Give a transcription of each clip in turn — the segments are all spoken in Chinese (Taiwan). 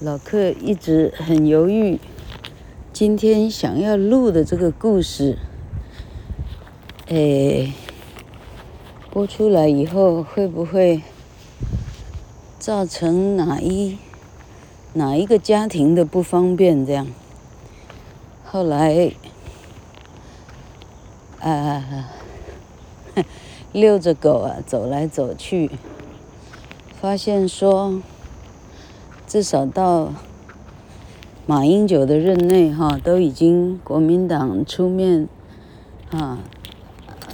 老克一直很猶豫，今天想要錄的這個故事，哎、欸，播出來以後會不會造成哪一哪一個家庭的不方便？這樣，後來啊，遛着狗啊，走來走去，發現說。至少到馬英九的任內，哈，都已經國民黨出面，啊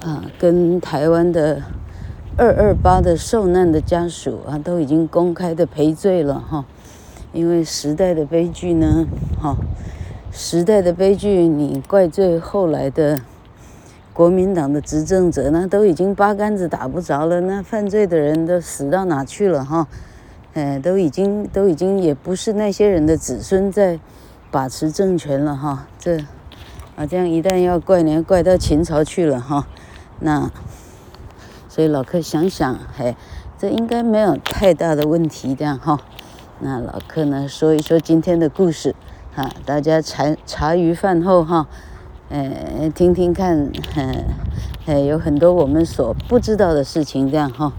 啊，跟台灣的二二八的受難的家屬啊，都已經公開的賠罪了，哈、啊。因為時代的悲劇呢，哈、啊，時代的悲劇，你怪罪後來的國民黨的執政者，那都已經八竿子打不着了。那犯罪的人都死到哪去了，哈、啊？哎，都已經都已經也不是那些人的子孫在把持政權了哈，這啊這樣，一旦要怪呢，怪到秦朝去了哈，那所以老客想想，嘿、哎，這應該沒有太大的問題這樣哈。那老客呢，說一說今天的故事，哈、啊，大家茶茶餘飯後哈，哎，聽聽看哎，哎，有很多我們所不知道的事情這樣哈。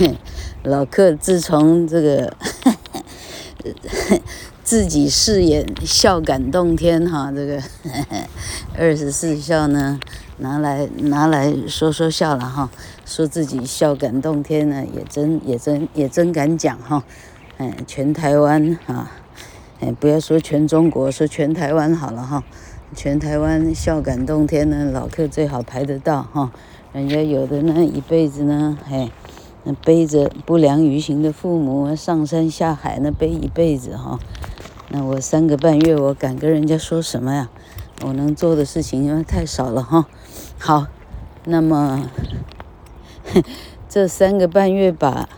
哎老克自從這個呵呵自己飾演孝感動天，哈，這個二十四孝呢拿來拿來說說笑了哈，說自己孝感動天呢也真也真也真敢講哈，哎，全台灣啊，哎，不要說全中國，說全台灣好了哈，全台灣孝感動天呢，老克最好排得到哈，人家有的呢一輩子呢，嘿、哎。那背着不良於行的父母上山下海，那背一輩子哈、哦。那我三個半月，我敢跟人家說什麼呀？我能做的事情因為太少了哈、哦。好，那麼這三個半月把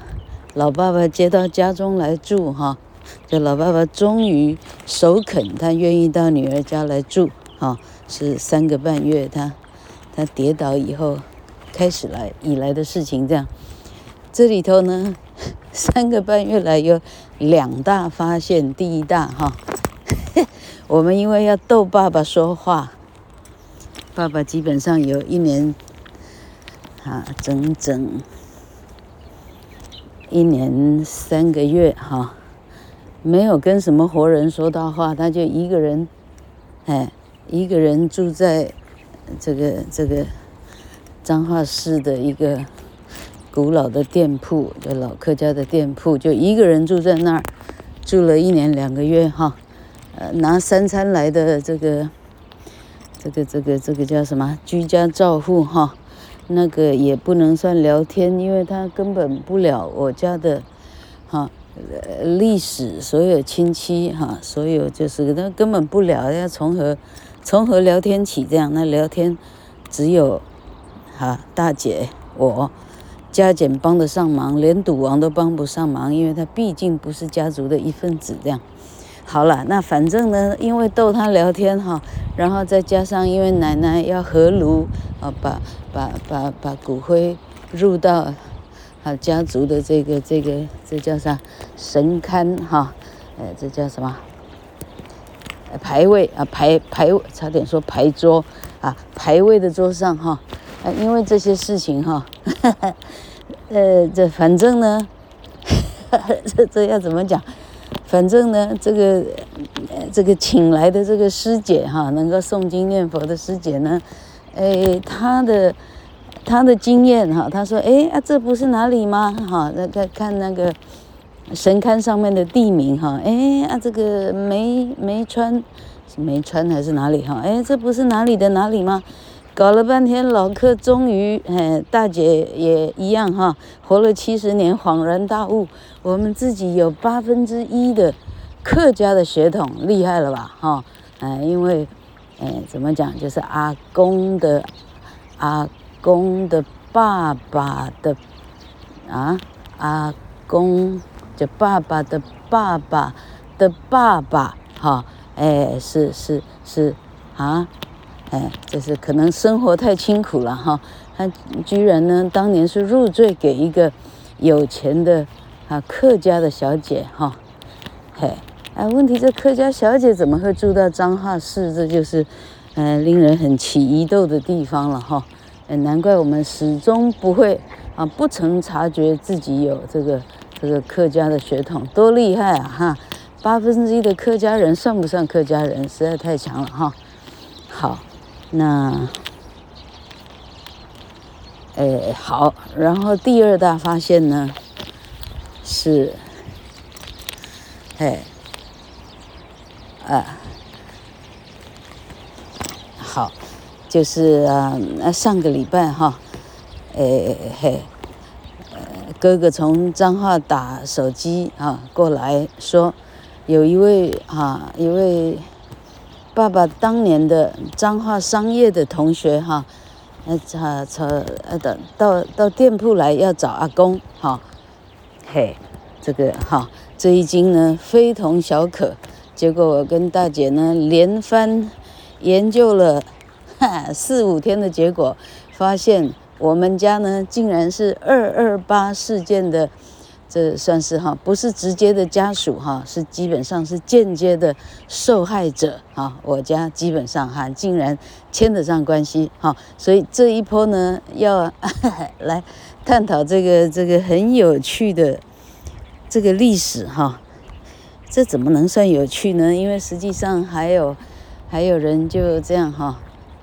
老爸爸接到家中來住哈、哦，這老爸爸終於首肯，他願意到女兒家來住哈、哦。是三個半月，他他跌倒以後開始來以來的事情這樣。這裡頭呢，三個半月來有兩大發現。第一大哈、哦，我們因為要逗爸爸說話，爸爸基本上有一年，啊，整整一年三個月哈、哦，沒有跟什麼活人說大話，他就一個人，哎，一個人住在這個這個彰化市的一個。古老的店鋪，就老客家的店鋪，就一個人住在那兒，住了一年兩個月哈，呃、啊，拿三餐來的這個，這個這個這個叫什麼？居家照護哈、啊，那個也不能算聊天，因為他根本不了我家的哈、啊，歷史所有親戚哈、啊，所有就是他根本不了要從何從何聊天起這樣，那聊天只有哈、啊、大姐我。加減幫得上忙，連賭王都幫不上忙，因為他畢竟不是家族的一份子。這樣，好了，那反正呢，因為逗他聊天哈，然後再加上因為奶奶要合爐啊，把把把把骨灰入到啊家族的這個這個這叫啥神龕哈，呃，這叫什麼，神這叫什麼牌位啊？牌牌差點說牌桌啊，牌位的桌上哈，因為這些事情哈。呵呵呃，這反正呢，呵呵這這要怎麼講？反正呢，這個這個請來的這個師姐哈，能夠誦經念佛的師姐呢，哎，她的她的經驗哈，她說，哎啊，這不是哪裡嗎？哈，那看看那個神龕上面的地名哈，哎啊，這個梅梅川，梅川還是哪裡哈？哎，這不是哪裡的哪裡嗎？搞了半天，老客終於，哎，大姐也一樣哈，活了七十年，恍然大悟，我們自己有八分之一的客家的血統，厲害了吧？哈、哦，哎，因為，哎，怎麼講，就是阿公的，阿公的爸爸的，啊，阿公就爸爸的爸爸的爸爸，哈、哦，哎，是是是，啊。哎，就是可能生活太辛苦了哈，他、哦、居然呢當年是入贅給一個有錢的啊客家的小姐哈，嘿、哦哎，哎，問題這客家小姐怎麼會住到彰化市？這就是嗯、哎、令人很起疑竇的地方了哈、哦。哎，難怪我們始終不會啊不曾察覺自己有這個這個客家的血統，多厲害啊哈！八分之一的客家人算不算客家人？實在太強了哈、哦。好。那，誒，好，然後第二大發現呢，是，嘿，啊，好，就是啊，那上個禮拜哈，誒嘿，哥哥從彰化打手機啊過來說，有一位啊一位。爸爸當年的彰化商業的同學哈，呃，找找呃，到到到店鋪來要找阿公哈，嘿，這個哈，這一驚呢非同小可。結果我跟大姐呢連番研究了哈四五天的結果，發現我們家呢竟然是二二八事件的。這算是哈，不是直接的家屬哈，是基本上是間接的受害者哈。我家基本上哈，竟然牽得上關係哈，所以這一波呢，要來探討這個這個很有趣的這個歷史哈。這怎麼能算有趣呢？因為實際上還有還有人就這樣哈，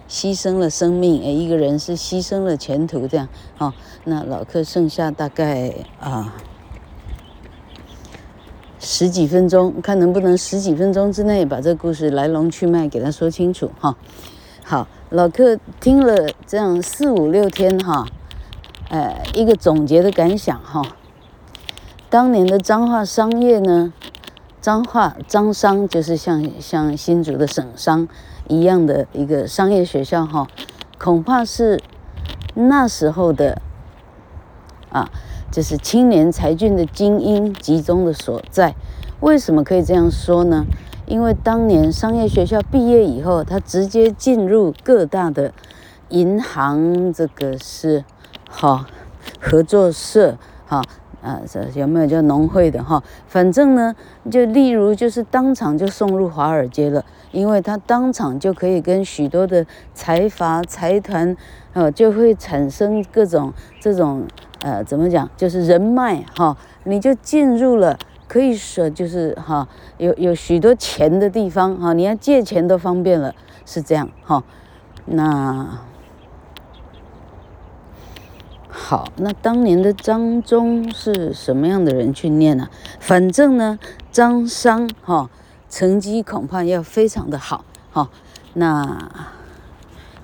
犧牲了生命，哎，一個人是犧牲了前途這樣哈。那老柯剩下大概啊。十幾分鐘，看能不能十幾分鐘之內把這個故事來龍去脈給他說清楚哈。好，老客聽了這樣四五六天哈，呃，一個總結的感想哈。當年的彰化商業呢，彰化彰商就是像像新竹的省商一樣的一個商業學校哈，恐怕是那時候的。啊，就是青年才俊的精英集中的所在。為什麼可以這樣說呢？因為當年商業學校畢業以後，他直接進入各大的銀行，這個是哈、哦、合作社哈、哦、啊，這有沒有叫農會的哈、哦？反正呢，就例如就是當場就送入華爾街了，因為他當場就可以跟許多的財閥財團，呃、哦，就會產生各種這種。呃，怎麼講？就是人脈哈、哦，你就進入了，可以說就是哈、哦，有有許多錢的地方哈、哦，你要借錢都方便了，是這樣哈、哦。那好，那當年的彰中是什麼樣的人去念呢、啊？反正呢，彰商哈、哦，成績恐怕要非常的好哈、哦。那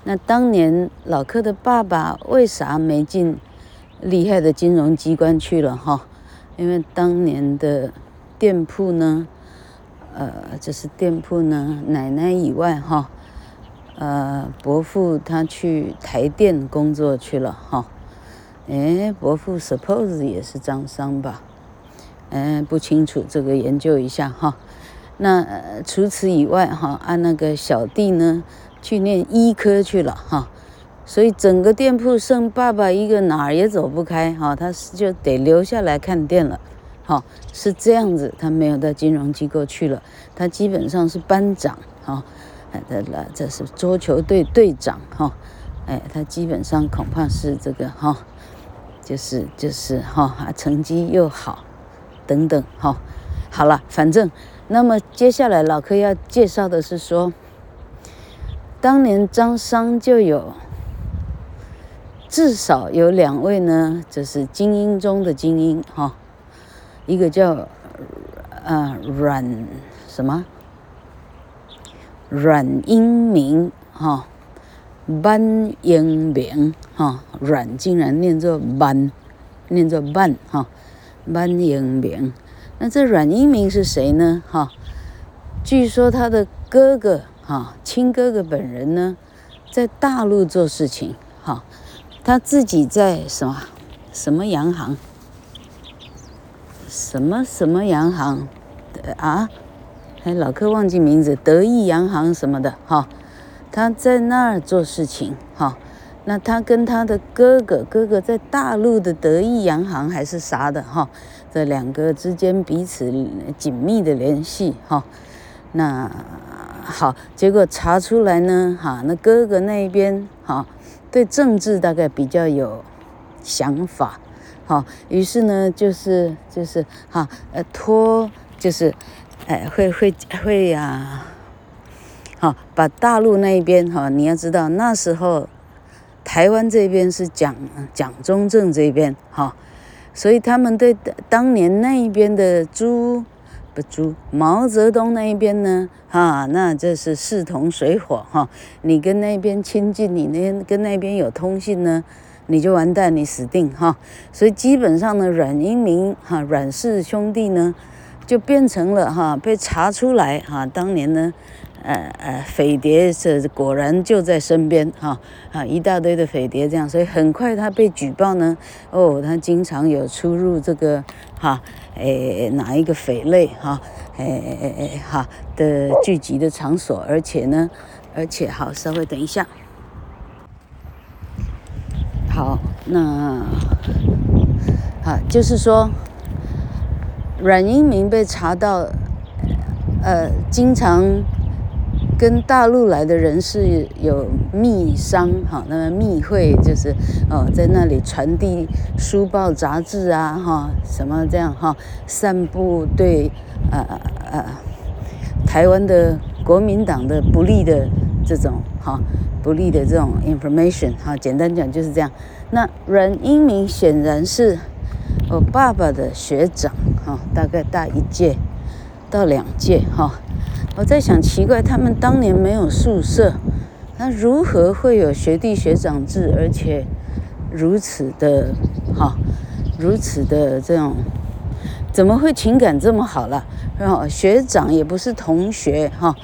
那當年老柯的爸爸為啥沒進？厲害的金融機關去了哈，因為當年的店鋪呢，呃，就是店鋪呢，奶奶以外哈，呃，伯父他去台電工作去了哈，哎，伯父 suppose 也是彰商吧，嗯，不清楚，這個研究一下哈，那除此以外哈，按、啊、那個小弟呢去念醫科去了哈。所以整個店鋪剩爸爸一個，哪兒也走不開哈、哦，他就得留下來看店了，哈、哦，是這樣子，他沒有到金融機構去了，他基本上是班長哈，哎、哦，這這是桌球隊隊長哈、哦，哎，他基本上恐怕是這個哈、哦，就是就是哈，哈、哦，成績又好，等等哈、哦，好了，反正那麼接下來老柯要介紹的是說，當年彰商就有至少有兩位呢，就是精英中的精英哈，一個叫呃阮，啊、什麼阮英明哈、哦，班英明哈，阮，哦、竟然，念作班，念作班哈、哦，班英明。那這阮英明是誰呢？哈、哦，據說他的哥哥哈、哦，親哥哥本人呢，在大陸做事情。他自己在什麼什麼洋行，什麼什麼洋行，啊？還老柯忘記名字，德意洋行什麼的哈、哦。他在那兒做事情哈、哦。那他跟他的哥哥，哥哥在大陸的德意洋行還是啥的哈、哦。這兩個之間彼此緊密的聯繫哈、哦。那好，結果查出來呢哈、哦。那哥哥那一邊哈。哦對政治大概比較有想法，好，於是呢，就是就是哈，呃，托就是，哎，會會會呀，好，把大陸那一邊哈，你要知道那時候，台灣這邊是蔣蔣中正這邊哈，所以他們對當年那一邊的朱。不租，毛澤東那一邊呢？哈、啊，那這是勢同水火哈、啊。你跟那邊親近，你那跟那邊有通信呢，你就完蛋，你死定哈、啊。所以基本上呢，阮英明哈、啊，阮氏兄弟呢，就變成了哈、啊、被查出來哈、啊。當年呢。呃呃，匪諜是果然就在身邊哈、啊，一大堆的匪諜這樣，所以很快他被舉報呢。哦，他經常有出入這個哈，誒、啊哎、哪一個匪類哈，誒誒哈的聚集的場所，而且呢，而且好，稍微等一下，好，那啊就是說，阮英明被查到，呃，經常。跟大陸來的人是有密商哈，那麼密會就是哦，在那裡傳遞書報雜誌啊哈，什麼這樣哈，散布對呃呃台灣的國民黨的不利的這種哈不利的這種 information 哈，簡單講就是這樣。那阮英明顯然是我爸爸的學長哈，大概大一屆到兩屆哈。我在想，奇怪，他們當年沒有宿舍，那如何會有學弟學長制，而且如此的哈、哦，如此的這種，怎麼會情感這麼好了？然、哦、後學長也不是同學哈，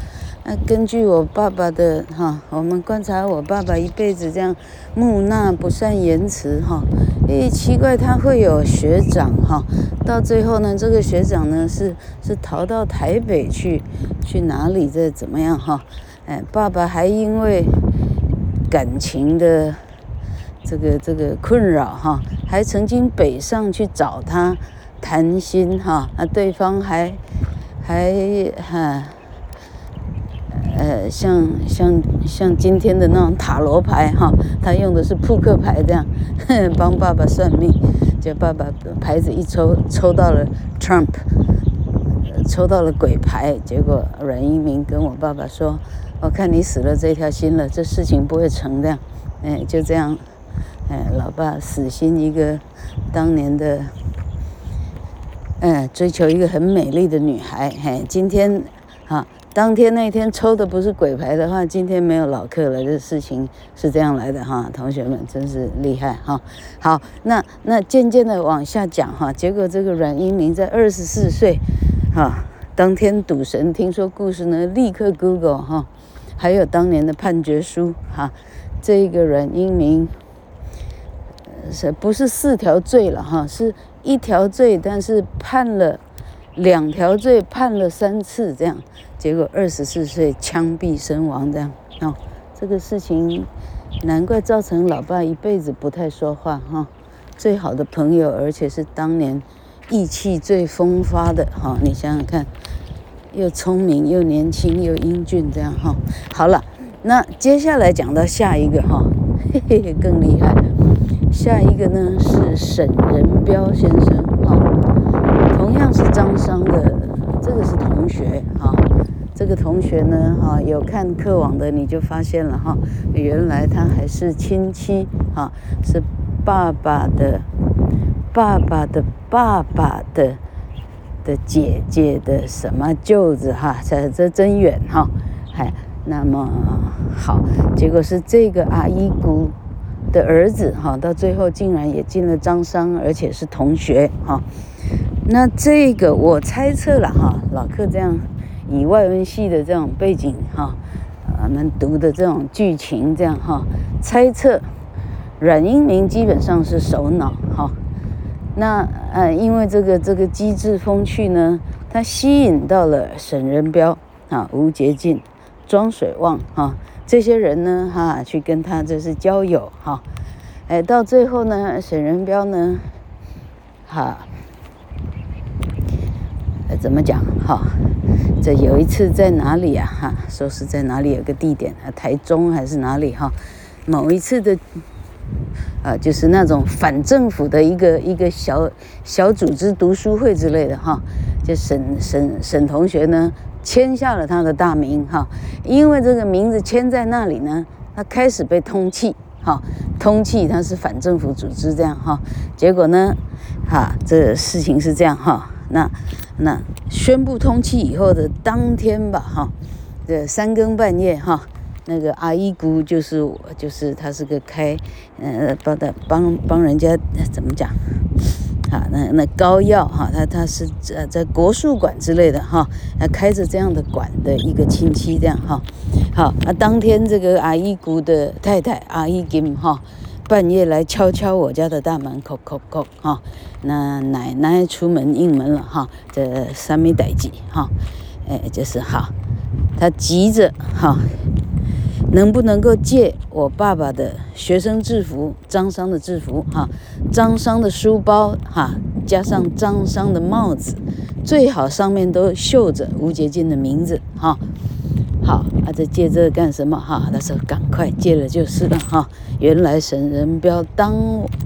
那、哦、根據我爸爸的哈、哦，我們觀察我爸爸一輩子這樣木訥，不善言辭哈。哦咦，奇怪，他會有學長哈，到最後呢，這個學長呢是是逃到台北去，去哪裡再怎麼樣哈？哎，爸爸還因為感情的這個這個困擾哈，還曾經北上去找他談心哈，那對方還還哈。啊呃，像像像今天的那種塔羅牌哈、哦，他用的是撲克牌這樣哼、幫爸爸算命，就爸爸牌子一抽抽到了 Trump，呃、抽到了鬼牌，結果阮一鳴跟我爸爸說，我、哦、看你死了這條心了，這事情不會成的，哎，就這樣，哎，老爸死心一個，當年的，哎，追求一個很美麗的女孩，嘿，哎，今天哈。哦當天那天抽的不是鬼牌的話，今天沒有老客了。這事情是這樣來的哈，同學們真是厲害哈。好，那那漸漸的往下講哈。結果這個阮英明在二十四歲哈，當天賭神聽說故事呢，立刻 Google 哈，還有當年的判決書哈。這個阮英明是不是四條罪了哈？是一條罪，但是判了。兩條罪判了三次，這樣，結果二十四歲槍斃身亡，這樣哈、哦，這個事情難怪造成老爸一輩子不太說話哈、哦。最好的朋友，而且是當年意氣最風發的哈、哦，你想想看，又聰明又年輕又英俊，這樣哈、哦。好了，那接下來講到下一個哈嘿嘿，更厲害的，下一個呢是沈仁彪先生。是彰商的，這個是同學哈、啊，這個同學呢哈、啊，有看課網的你就發現了哈、啊，原來他還是親戚哈、啊，是爸爸的爸爸的爸爸的的姐姐的什麼舅子哈，這、啊、這真遠哈、啊，哎，那麼好，結果是這個阿姨姑的兒子哈、啊，到最後竟然也進了彰商，而且是同學哈。啊那這個我猜測了哈、啊，老客這樣，以外文系的這種背景哈，我們讀的這種劇情這樣哈、啊，猜測，阮英明基本上是首腦哈、啊。那呃、啊，因為這個這個機智風趣呢，他吸引到了沈仁彪啊、吳捷進、莊水旺啊這些人呢哈、啊，去跟他就是交友哈、啊。哎，到最後呢，沈仁彪呢，哈。怎麼講哈？這有一次在哪裡呀？哈，說是在哪裡有個地點啊？台中還是哪裡哈？某一次的，啊，就是那種反政府的一個一個小小組織讀書會之類的哈。就沈沈沈同學呢，簽下了他的大名哈。因為這個名字簽在那裡呢，他開始被通緝哈。通緝他是反政府組織這樣哈。結果呢，哈，這事情是這樣哈。那那宣布通緝以後的當天吧，哈，這三更半夜哈，那個阿姨姑就是我，就是他是個開，呃，幫他幫幫人家怎麼講？好，那那膏藥哈，他他是在在國術館之類的哈，開着這樣的館的一個親戚這樣哈，好，那當天這個阿姨姑的太太阿姨金哈。半夜來敲敲我家的大門口，叩叩哈，那奶奶出門應門了哈、哦，這三沒得急哈，哎，就是哈，他、哦、急着哈、哦，能不能夠借我爸爸的學生制服，彰商的制服哈、哦，彰商的書包哈、哦，加上彰商的帽子，最好上面都繡着吳捷金的名字哈。哦。好，他在借這個幹什麼？哈、啊，他說：“趕快借了就是了。哦”哈，原來沈仁彪當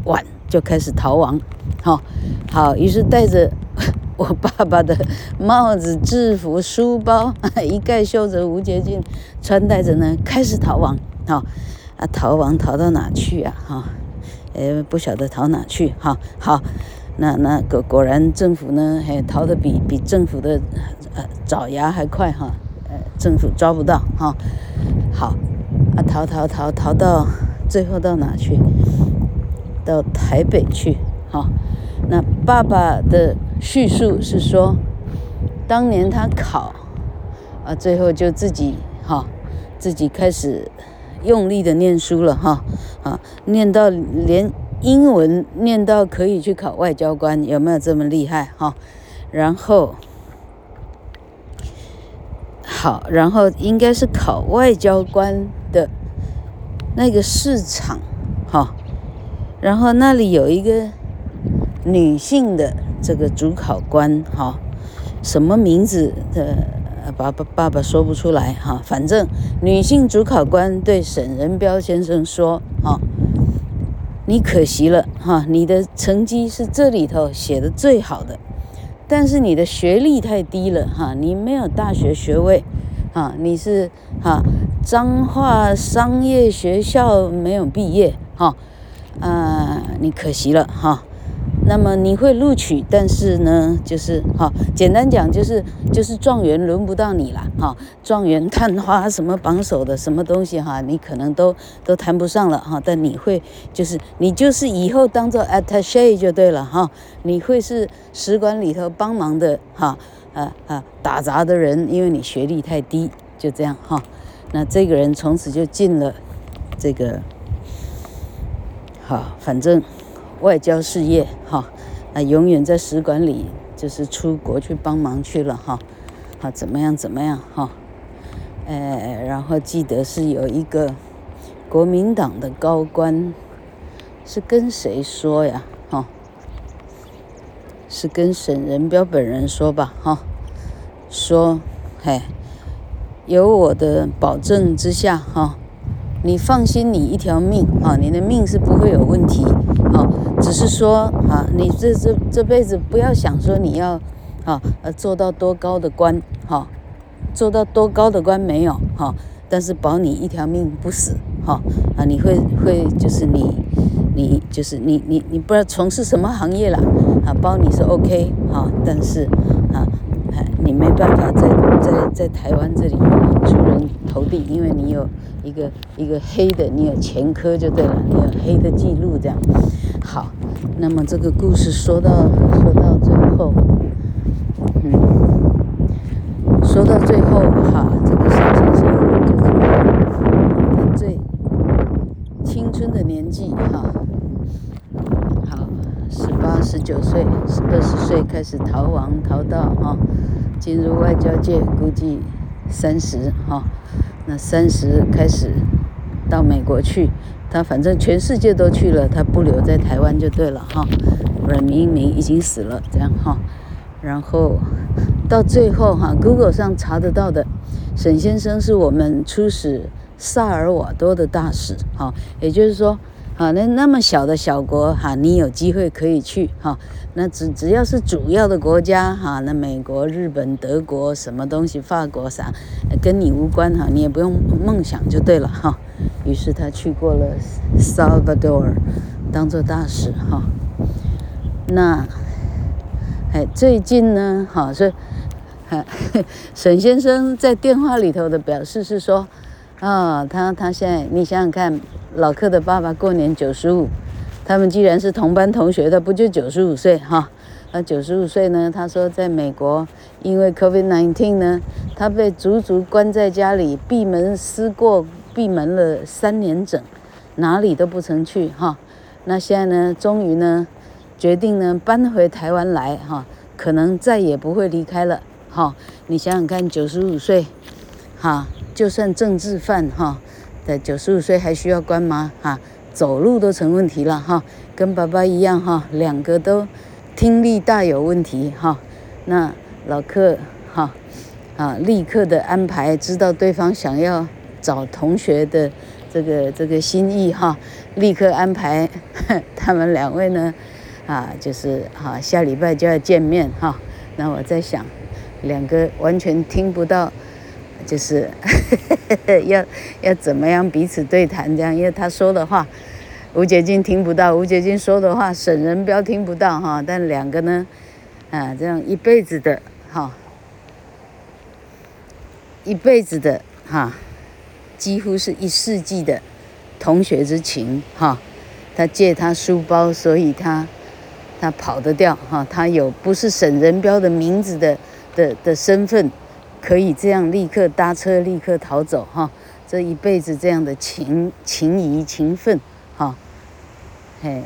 晚就開始逃亡。好、哦，好，於是戴着我爸爸的帽子、制服、書包，一概袖着無捷徑，穿戴着呢，開始逃亡。哈、哦，啊，逃亡逃到哪去啊？哈、哦，呃，不曉得逃哪去。哈、哦，好，那那果、個、果然政府呢，還逃得比比政府的、呃、爪牙還快。哈、哦。政府抓不到哈，好，啊，逃逃逃逃到最後到哪去？到台北去哈。那爸爸的敘述是說，當年他考啊，最後就自己哈、啊，自己開始用力的念書了哈啊、啊，念到連英文念到可以去考外交官，有沒有這麼厲害哈、啊？然後。好，然後應該是考外交官的，那個市場，哈、哦，然後那裡有一個女性的這個主考官，哈、哦，什麼名字的？爸爸爸爸說不出來，哈、哦，反正女性主考官對沈仁彪先生說，哈、哦，你可惜了，哈、哦，你的成績是這裡頭寫得最好的。但是你的學歷太低了哈，你沒有大學學位，哈，你是哈，彰化商業學校沒有畢業哈，呃，你可惜了哈。那麼你會錄取，但是呢，就是哈、哦，簡單講就是就是狀元輪不到你了哈、哦，狀元探花什麼榜首的什麼東西哈、啊，你可能都都談不上了哈、哦。但你會就是你就是以後當做 attaché 就對了哈、哦，你會是使館裡頭幫忙的哈、哦，啊啊，打雜的人，因為你學歷太低，就這樣哈、哦。那這個人從此就進了這個，好、哦，反正。外交事業，哈，啊，永遠在使館裡，就是出國去幫忙去了，哈，啊，怎麼樣，怎麼樣，哈、啊，哎，然後記得是有一個國民黨的高官，是跟誰說呀，哈、啊，是跟沈仁彪本人說吧，哈、啊，說，嘿、哎，有我的保證之下，哈、啊。你放心，你一條命啊，你的命是不會有問題啊。只是說啊，你這這這輩子不要想說你要啊做到多高的官哈，做到多高的官沒有哈，但是保你一條命不死哈啊，你會會就是你你就是你你你不知道從事什麼行業了啊，保你是 OK 哈，但是。你沒辦法在在在，在台灣這裡出人頭地，因為你有一個一個黑的，你有前科就對了，你有黑的記錄這樣。好，那麼這個故事說到說到最後，嗯，說到最後哈，這個小先生就是在最青春的年紀哈，好，十八十九歲二十歲開始逃亡逃到啊。哦進入外交界估計三十哈，那三十開始到美國去，他反正全世界都去了，他不留在台灣就對了哈。阮明明已經死了，這樣哈，然後到最後哈，Google 上查得到的，沈先生是我們出使薩爾瓦多的大使哈，也就是說。好，那那麼小的小國哈，你有機會可以去哈。那只只要是主要的國家哈，那美國、日本、德國什麼東西、法國啥，跟你無關哈，你也不用夢想就對了哈。於是他去過了 Salvador，當做大使哈。那哎，最近呢，好是，哈，沈先生在電話裡頭的表示是說，啊、哦，他他現在，你想想看。老克的爸爸過年九十五，他們既然是同班同學的，不就九十五歲哈、啊？那九十五歲呢？他說在美國，因為 COVID-19 呢，他被足足關在家裡閉門思過，閉門了三年整，哪裡都不曾去哈、啊。那現在呢，終於呢，決定呢搬回台灣來哈、啊，可能再也不會離開了哈、啊。你想想看，九十五歲，哈、啊，就算政治犯哈。啊在九十五歲還需要關嗎？哈、啊，走路都成問題了哈、啊，跟爸爸一樣哈、啊，兩個都聽力大有問題哈、啊。那老客哈啊，啊，立刻的安排，知道對方想要找同學的這個這個心意哈、啊，立刻安排呵他們兩位呢啊，就是啊，下禮拜就要見面哈、啊。那我在想，兩個完全聽不到。就是 要要怎麼樣彼此對談這樣，因為他說的話，吳杰軍聽不到；吳杰軍說的話，沈仁彪聽不到哈。但兩個呢，啊，這樣一輩子的哈，一輩子的哈，幾乎是一世紀的同學之情哈。他借他書包，所以他他跑得掉哈。他有不是沈仁彪的名字的的的身份。可以這樣，立刻搭車，立刻逃走哈、哦！這一輩子這樣的情情誼情分，哈、哦，嘿，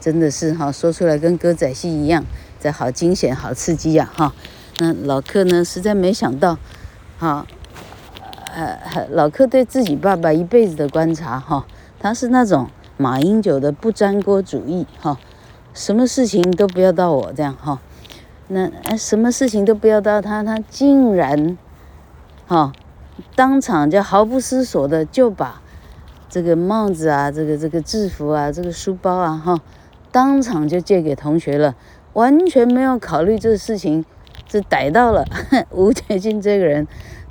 真的是哈、哦，說出來跟歌仔戲一樣，這好驚險，好刺激呀、啊、哈、哦！那老柯呢，實在沒想到，哈、哦，呃，老柯對自己爸爸一輩子的觀察哈、哦，他是那種馬英九的不沾鍋主義哈、哦，什麼事情都不要到我這樣哈。哦那哎，什麼事情都不要到他，他竟然，哈、哦，當場就毫不思索的就把這個帽子啊，這個這個制服啊，這個書包啊，哈、哦，當場就借給同學了，完全沒有考慮這個事情，就逮到了吳鐵軍這個人，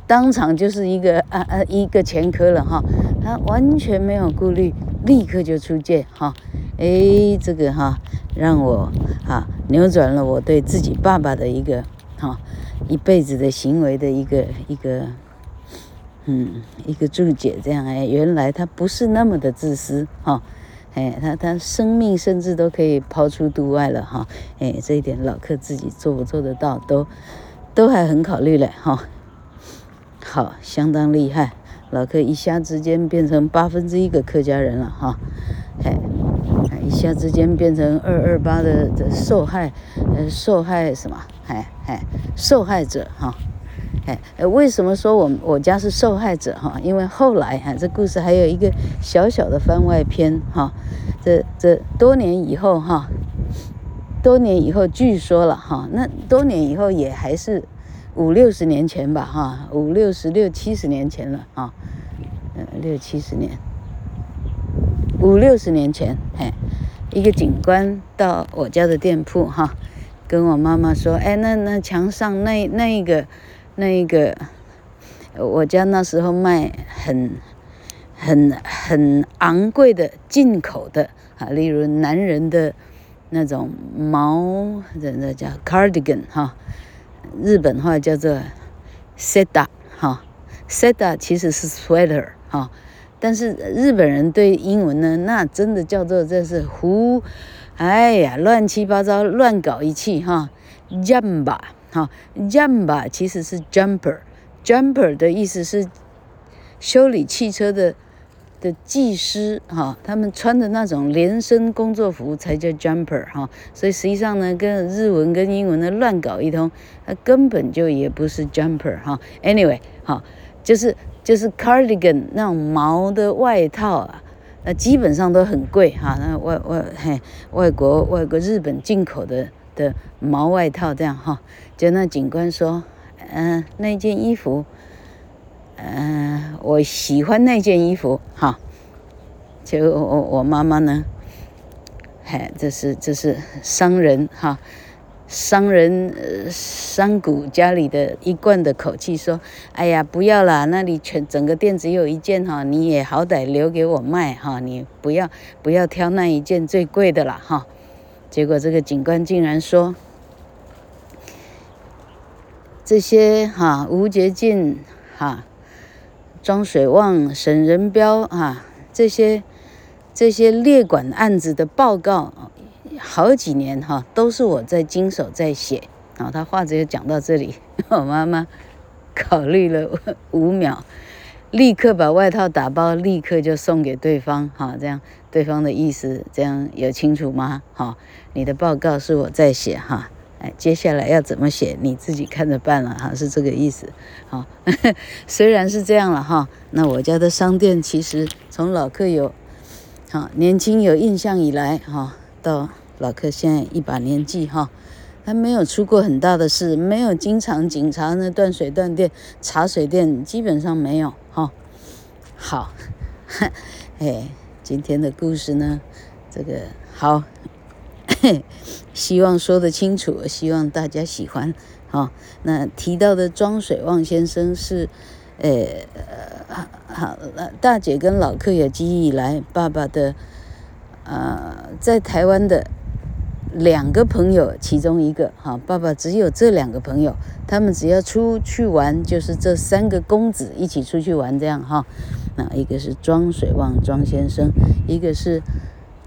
當場就是一個啊啊一個前科了哈、哦，他完全沒有顧慮，立刻就出借哈。哦哎，這個哈，讓我啊扭轉了我對自己爸爸的一個哈、啊、一輩子的行為的一個一個，嗯，一個注解。這樣，哎，原來他不是那麼的自私哈，哎、啊，他他生命甚至都可以拋出度外了哈，哎、啊，這一點老客自己做不做得到，都都還很考慮了哈、啊。好，相當厲害，老客一下之間變成八分之一個客家人了哈，哎、啊。誒一下之間變成二二八的受害，呃，受害什麼？哎哎，受害者哈、啊，哎，為什麼說我我家是受害者哈、啊？因為後來哈、啊，這故事還有一個小小的番外篇哈、啊，這這多年以後哈、啊，多年以後據說了哈、啊，那多年以後也還是五六十年前吧哈、啊，五六十六七十年前了啊，嗯，六七十年，五六十年前，嘿、哎。一個警官到我家的店鋪哈，跟我媽媽說：“哎，那那牆上那那一個那一個，我家那時候賣很很很昂貴的進口的啊，例如男人的那種毛，人家叫 cardigan 哈，日本話叫做 seta 哈，seta 其實是 sweater 哈。”但是日本人對英文呢，那真的叫做這是胡，哎呀，亂七八糟，亂搞一氣哈。jumper 哈，jumper 其實是 jumper，jumper 的意思是修理汽車的的技師哈。他們穿的那種連身工作服才叫 jumper 哈。所以實際上呢，跟日文跟英文的亂搞一通，它根本就也不是 jumper 哈。Anyway 哈。就是就是 cardigan 那種毛的外套啊，那基本上都很貴哈。那、啊、外外嘿，外國外國日本進口的的毛外套這樣哈、啊。就那警官說，嗯、呃，那件衣服，嗯、呃，我喜歡那件衣服哈、啊。就我我媽媽呢，嘿、啊，這是這是商人哈。啊商人呃，商賈家裡的一貫的口氣說：“哎呀，不要啦，那裡全整個店只有一件哈，你也好歹留給我賣哈，你不要不要挑那一件最貴的啦哈。”結果這個警官竟然說：“這些哈無捷徑哈，莊水旺，沈仁彪啊這些這些列管案子的報告。”好幾年哈，都是我在經手在寫。然後他話只有講到這裡，我媽媽考慮了五秒，立刻把外套打包，立刻就送給對方哈。這樣對方的意思這樣有清楚嗎？哈，你的報告是我在寫哈。哎，接下來要怎麼寫你自己看着辦了哈，是這個意思。好，雖然是這樣了哈，那我家的商店其實從老客有好年輕有印象以來哈，到。老克現在一把年紀哈，還沒有出過很大的事，沒有經常警察呢，斷水斷電、查水電，基本上沒有哈、哦。好，哎，今天的故事呢，這個好、哎，希望說得清楚，希望大家喜歡哈、哦。那提到的莊水旺先生是，呃、哎，大姐跟老克有記憶以來，爸爸的，呃在台灣的。兩個朋友，其中一個哈，爸爸只有這兩個朋友。他們只要出去玩，就是這三個公子一起出去玩這樣哈。那一個是莊水旺莊先生，一個是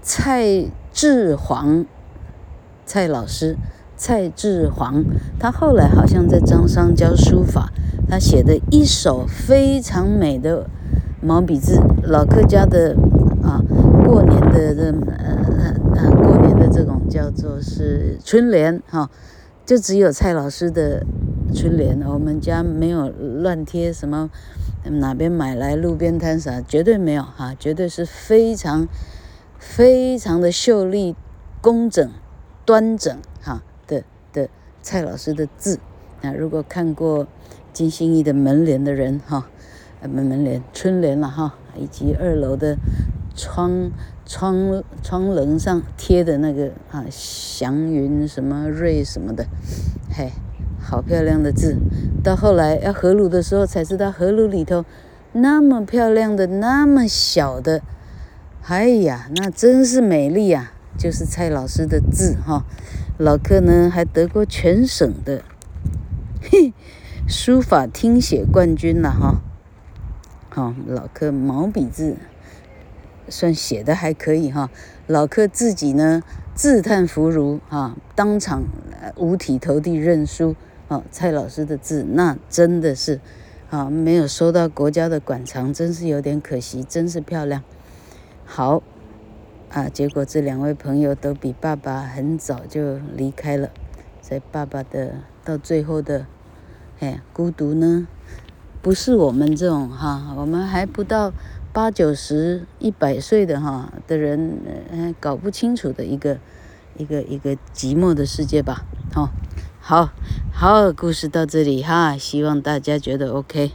蔡志煌，蔡老師，蔡志煌。他後來好像在彰商教書法，他寫的一手非常美的毛筆字，老客家的啊，過年的這呃過年的這種。叫做是春聯哈，就只有蔡老師的春聯。我們家沒有亂貼什麼，哪邊買來路邊攤啥，絕對沒有哈，絕對是非常非常的秀麗、工整、端整哈的的蔡老師的字。那如果看過金星一的門簾的人哈，門門簾春聯了哈，以及二樓的窗。窗窗稜上貼的那個啊，祥雲什麼瑞什麼的，嘿，好漂亮的字。到後來要合爐的時候才知道，合爐裡頭那麼漂亮的、那麼小的，哎呀，那真是美麗呀、啊！就是蔡老師的字哈、哦。老柯呢，還得過全省的，嘿，書法聽寫冠軍了哈。好、哦哦，老柯毛筆字，算寫的還可以哈、啊，老柯自己呢自嘆弗如哈、啊，當場五體投地認輸啊！蔡老師的字那真的是啊，沒有收到國家的館藏，真是有點可惜，真是漂亮。好啊，結果這兩位朋友都比爸爸很早就離開了，所以爸爸的到最後的哎孤獨呢，不是我們這種哈、啊，我們還不到，八九十、一百歲的哈的人，嗯、哎，搞不清楚的一個，一個一個寂寞的世界吧，好、哦，好，好，故事到這裡哈，希望大家覺得 OK。